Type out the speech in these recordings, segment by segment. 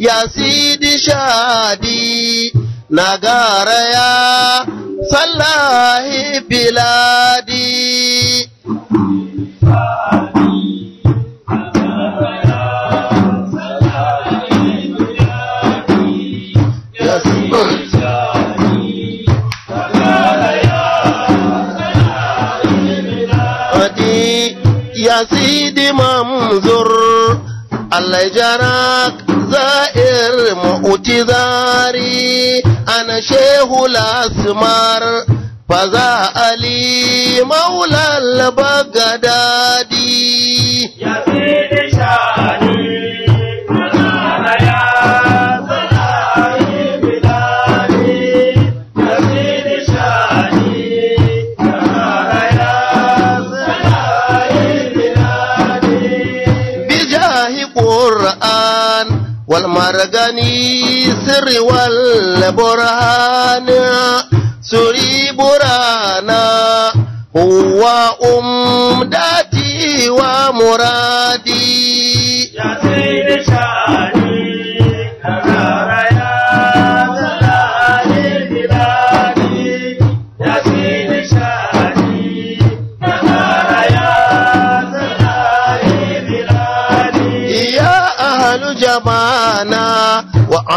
ya sidi shadi gara ya sallahi biladi Allah jarak za'ir mu'tizari ana shehu lasmar faza ali al bagadadi ya ragani sirri wal burhana suri burana huwa umdati wa muradi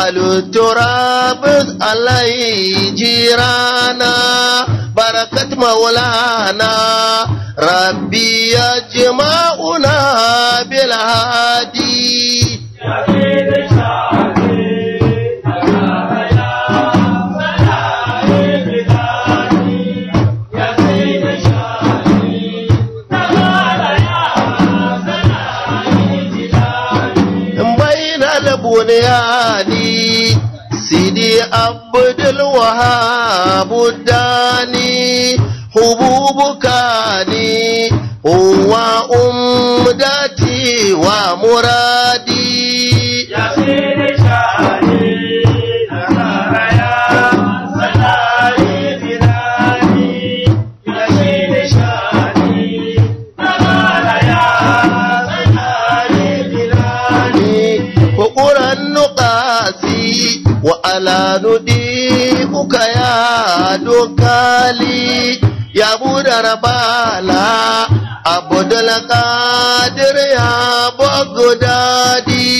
أهل التراب علي جيرانا بركة مولانا ربي يجمعنا بالهادي بنياني Sidi Abdul Wahab Dani Hububuka muka ya dokali ya budar bala abdul qadir ya bogdadi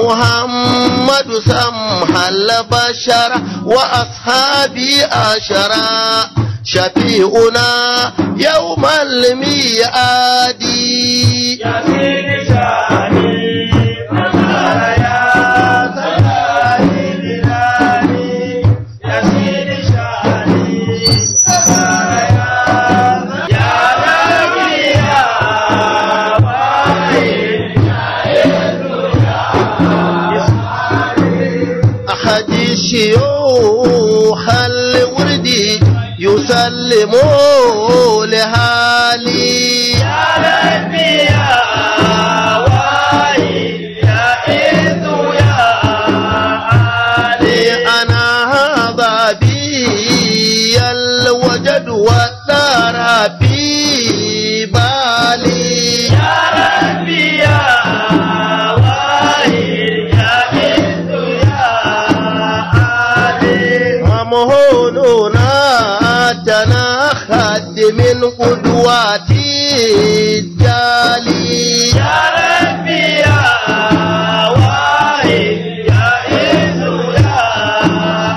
محمد سمح البشر وأصحابي أشرا شفيعنا يوم الميعاد يا سيدي قدوتي الجالي يا ربي يا وائل يا إذ يا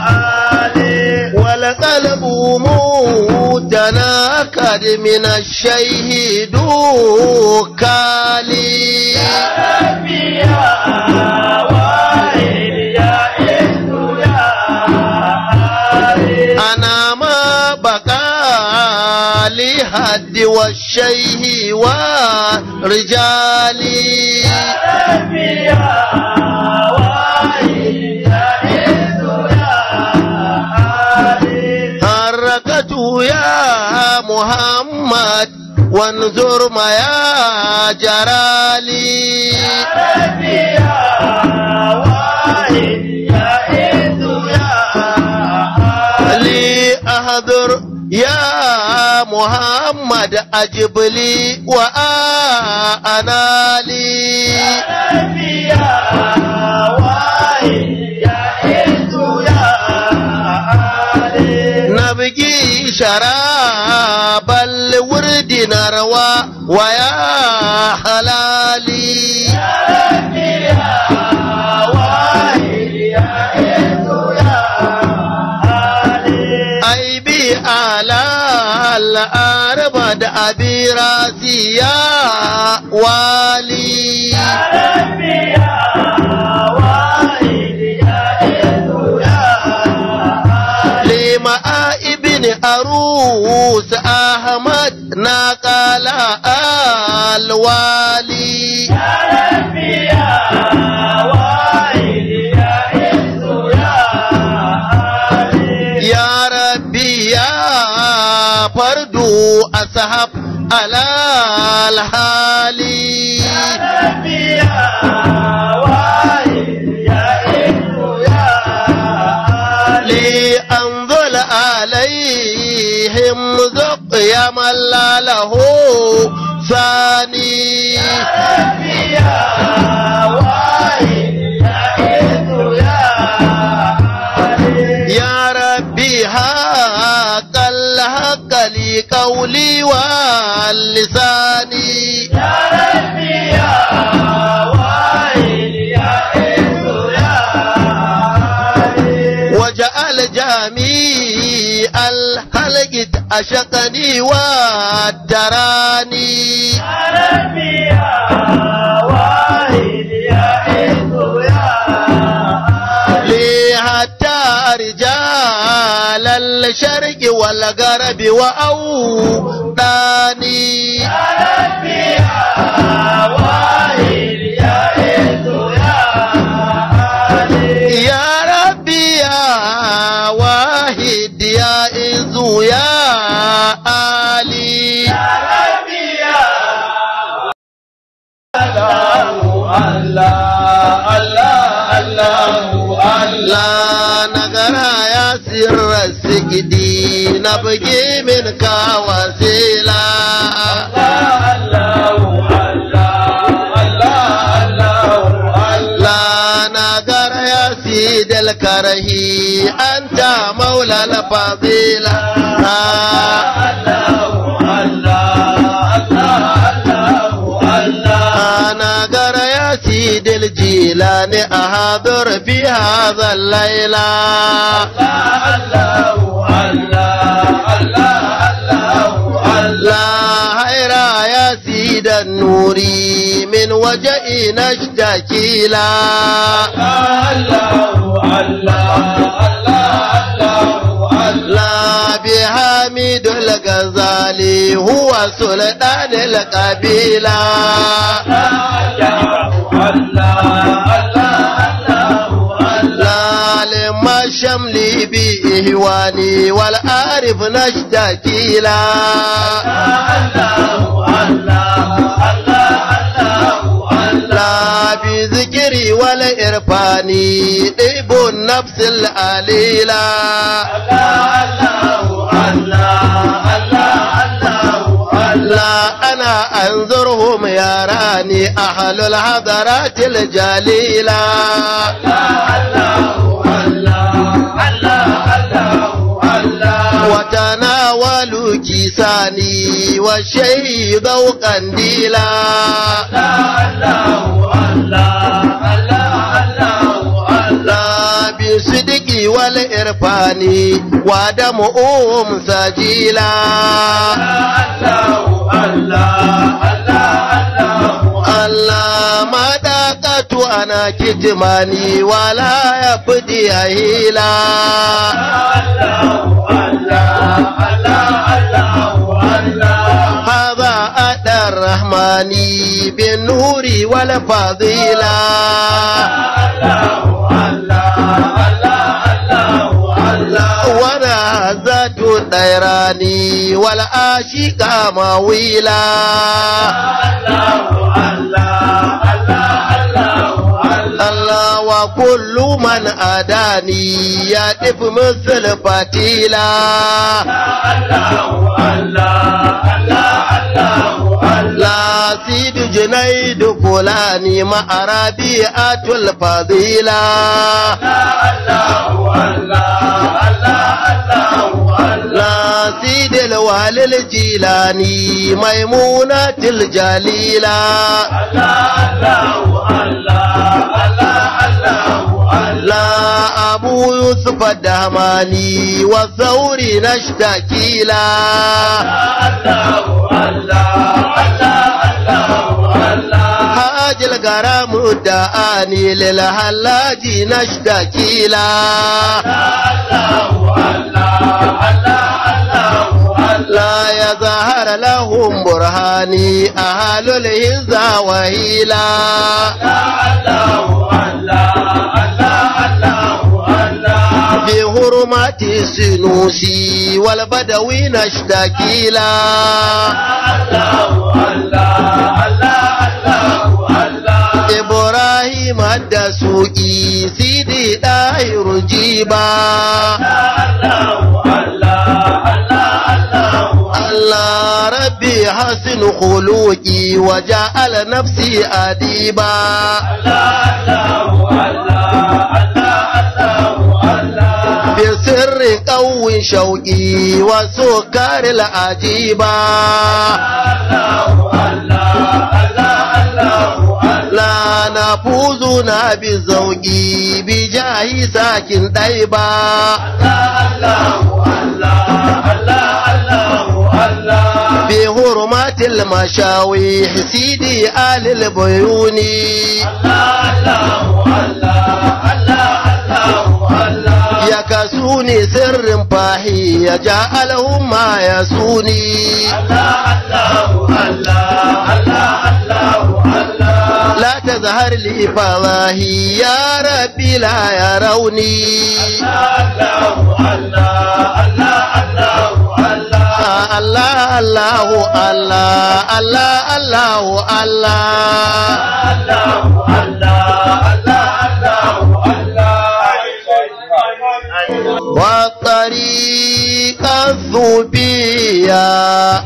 علي والقلب موتنا قد من الشهيد كالي يا ربي يا بالهد والشيه ورجالي حركته يا محمد وانظر ما يا جرالي يا ربي يا واحد يا إذ يا احضر يا محمد أجب لي وأنا لي يا وائل يا إيس يا آلي نبقي شراب الورد نروى ويا حلال أبي يا والي يا يا يا أروس أحمد نقل الوالي يا ربي يا على الحالي يا ربي يا يا يا عليهم يا من لا له ثاني يا ربي يا وائل يا يا يا ربي هاك الحق لقولي وائل لساني يا ربي يا ويلي يا إيسو يا وجعل جميع الخلق أشقني ودراني يا ربي يا wala sharqi wala garabi wa au dani ya rabbi ya wahid ya izu ya ali ya rabbi ya wahid ya izu ya ali ya rabbi ya allah La nagara ya sirra sigidi na bugi min kawasila. Idil karhi anta maula la fadila. Ah. فاضر في هذا الليلة الله الله الله الله الله هيرا يا سيد النور من وجهنا نشتكي لا الله الله الله الله الله بحميد الغزالي هو سلطان القبيلة الله الله قلبي إهواني والآرف نشتكي لا الله الله الله الله بذكري والإرفان طيب النفس القليلة الله الله الله الله الله أنا أنظرهم يا راني أهل الحضرات الجليلة الله الله الله وتناولوا الجساني والشيء ذوقا ديلا الله الله الله الله sidiki wal irfani wa da mu'um sajila Allahu Allah Allah Allah u-Allah. madaqatu ana kitmani wala yafdi ahila Allahu Allah Allah Allah, Allah allah hada adar rahmani bin nuri wal fadila Allahu Allah ɗairani wala a shi ma wila Allah wa kullu man adani ya ɗifi musul fatila Allah Allah Allah nai da fulani ma'arabiya tulfazila Sidil walil jilani maimuna til jalila Allah Abu Yusuf Dahmani wa na Nashtakila Allah Allah Allah Allah gargara mudda ani lil halaji nashda kila ya zahara lahum burhani ahalul hizza wa hila Allah Allah Allah Allah بحرمات السنوسي والبدوين اشتكيلا الله الله الله الله wadda su isi di ɗairu jiba Allah rabbi hasin khuluqi wa ja'ala nafsi adiba Allah Allah Allah بسر قو شوقي وسكر العجيبة الله الله الله الله لنا فوزنا بالذوق بجاه ساكن دايبا الله الله الله الله الله بحرمات المشاويح سيدي آل البيون الله الله الله الله ya kasu ne sirrin fahi ya ja al'umma ya suni Allah Allah Allah Allah Allah تظهر لي فواهي يا ربي لا يروني الله الله الله الله الله الله الله الله الله الله الله الله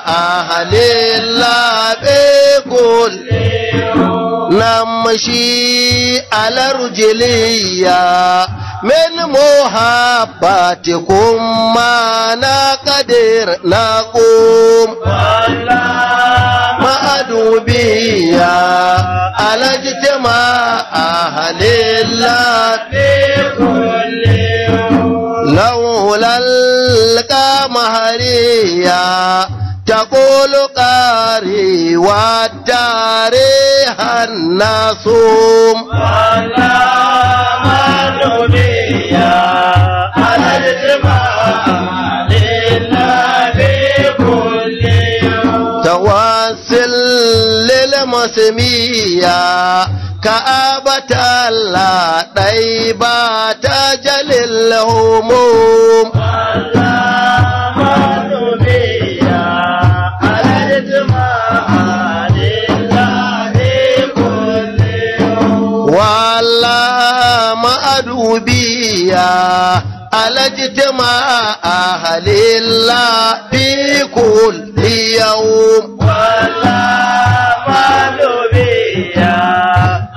halin labe gol nam shi alarjiliya min muhabbatikum ma na qadir na qum ma'adubiya alajtima ahalil labe gol لولا القمر تقول قاري والدار الناصوم ولا نبيا على الجماعة لله يوم تواصل للمسمية كأبة الله طيبة تجل الهموم الربوبية على اجتماع أهل الله في كل يوم والله ما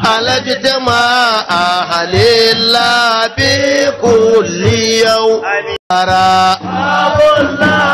على اجتماع أهل الله في كل يوم أبو الله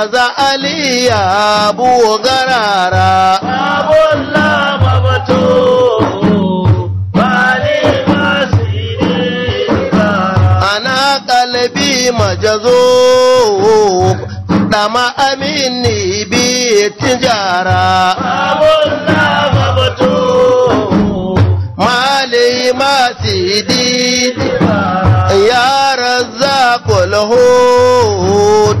Ali aliya buwo garara abulla mabato bali ana kalbi majazo dama amini bi tijara abulla mabato mali masidi ya hud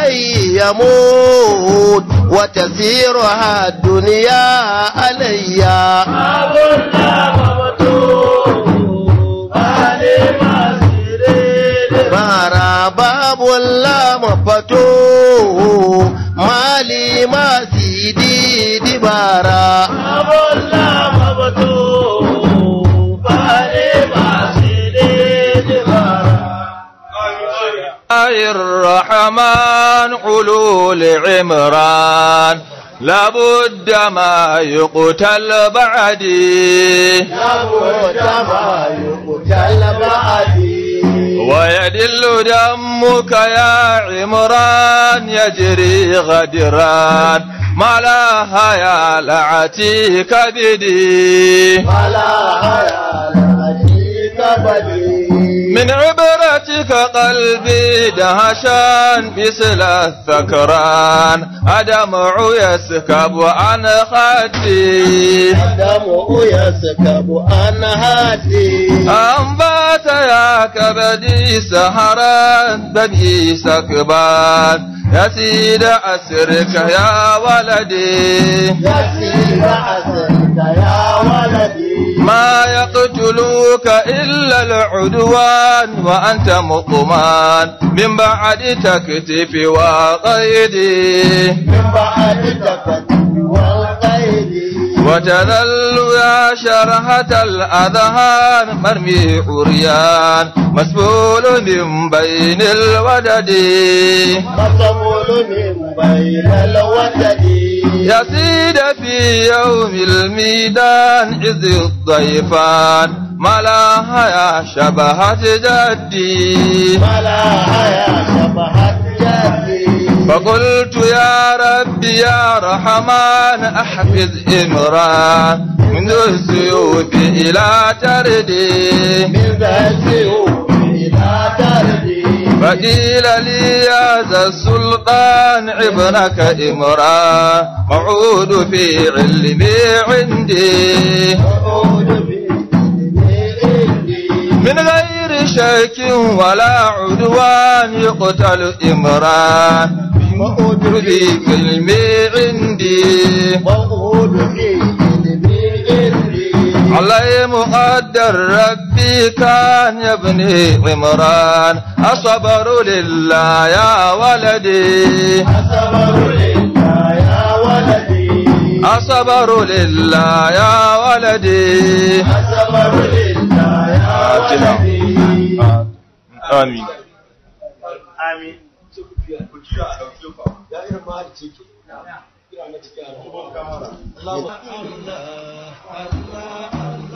علي يموت وتسيرها الدنيا علي باب الله مفتوح مالي ما سيدي دبارا الرحمن حلول عمران لابد ما يقتل بعدي لابد ما يقتل بعدي ويدل دمك يا عمران يجري غدران ما لا يا لعتي كبدي ما لا يا لعتي كبدي من عبرتك قلبي دهشان مثل الثكران الدمع يسكب عن خدي الدمع يسكب عن خدي أنبات يا كبدي سهرا بني سكبان يا سيد أسرك يا ولدي يا سيد أسرك ما يقتلوك إلا العدوان وأنت مقمان من بعد تكتف وقيدي من بعد تكتف وقيدي وتذل يا شرهة الأذهان مرمي عريان مسبول من بين الودد مسبول من بين الودد يا يسيد في يوم الميدان إذ الضيفان ملاها يا شبهة جدي ملاها يا شبهة جدي فقلت يا ربي يا رحمن أحفظ إمران ذو السيوف إلى تردي ذو السيوف فقيل لي يا ذا السلطان ابنك امرأة موعود في علمي عندي من غير شك ولا عدوان يقتل امرأة موعود في علمي عندي موعود في علي مقدر ربي كان يا ابني عمران الصبر لله يا ولدي الصبر لله يا ولدي الصبر لله يا ولدي الصبر لله يا ولدي آمين آمين الله الله الله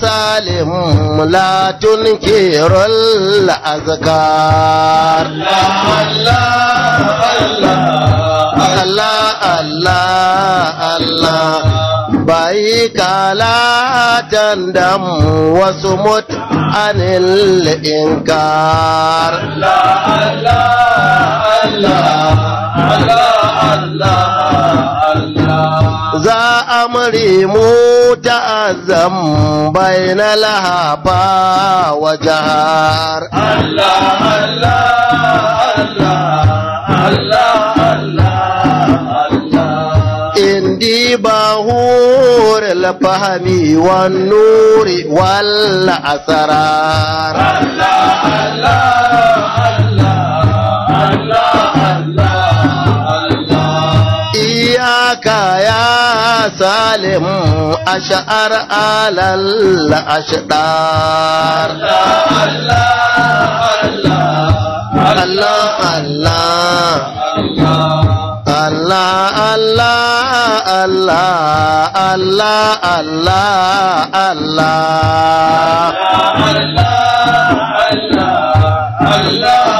salihum la tunkirul azkar Allah Allah Allah Allah Allah bai kala dandam wasu mut anil inkar Allah Allah Allah Allah Allah Allah za amri mu متأذم بين لهفا وجهار الله الله الله الله عندي بهور الفهم والنور والأسرار الله الله سالم أشعر على الأشدار الله الله الله الله الله الله الله الله الله الله الله